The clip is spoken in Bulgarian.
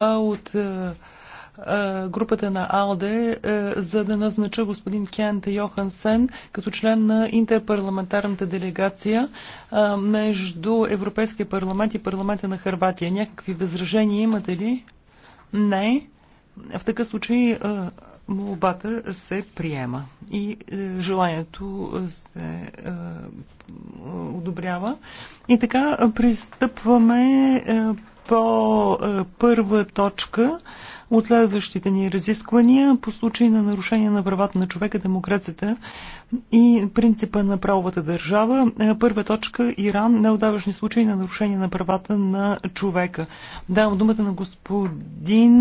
от групата на АЛДЕ, за да назнача господин Кент Йохансен като член на интерпарламентарната делегация между Европейския парламент и парламента на Харватия. Някакви възражения имате ли? Не. В такъв случай молбата се приема и желанието се одобрява. И така пристъпваме по е, първа точка от следващите ни разисквания по случай на нарушение на правата на човека, демокрацията и принципа на правовата държава. Е, първа точка Иран неудаващни случаи на нарушение на правата на човека. Давам думата на господин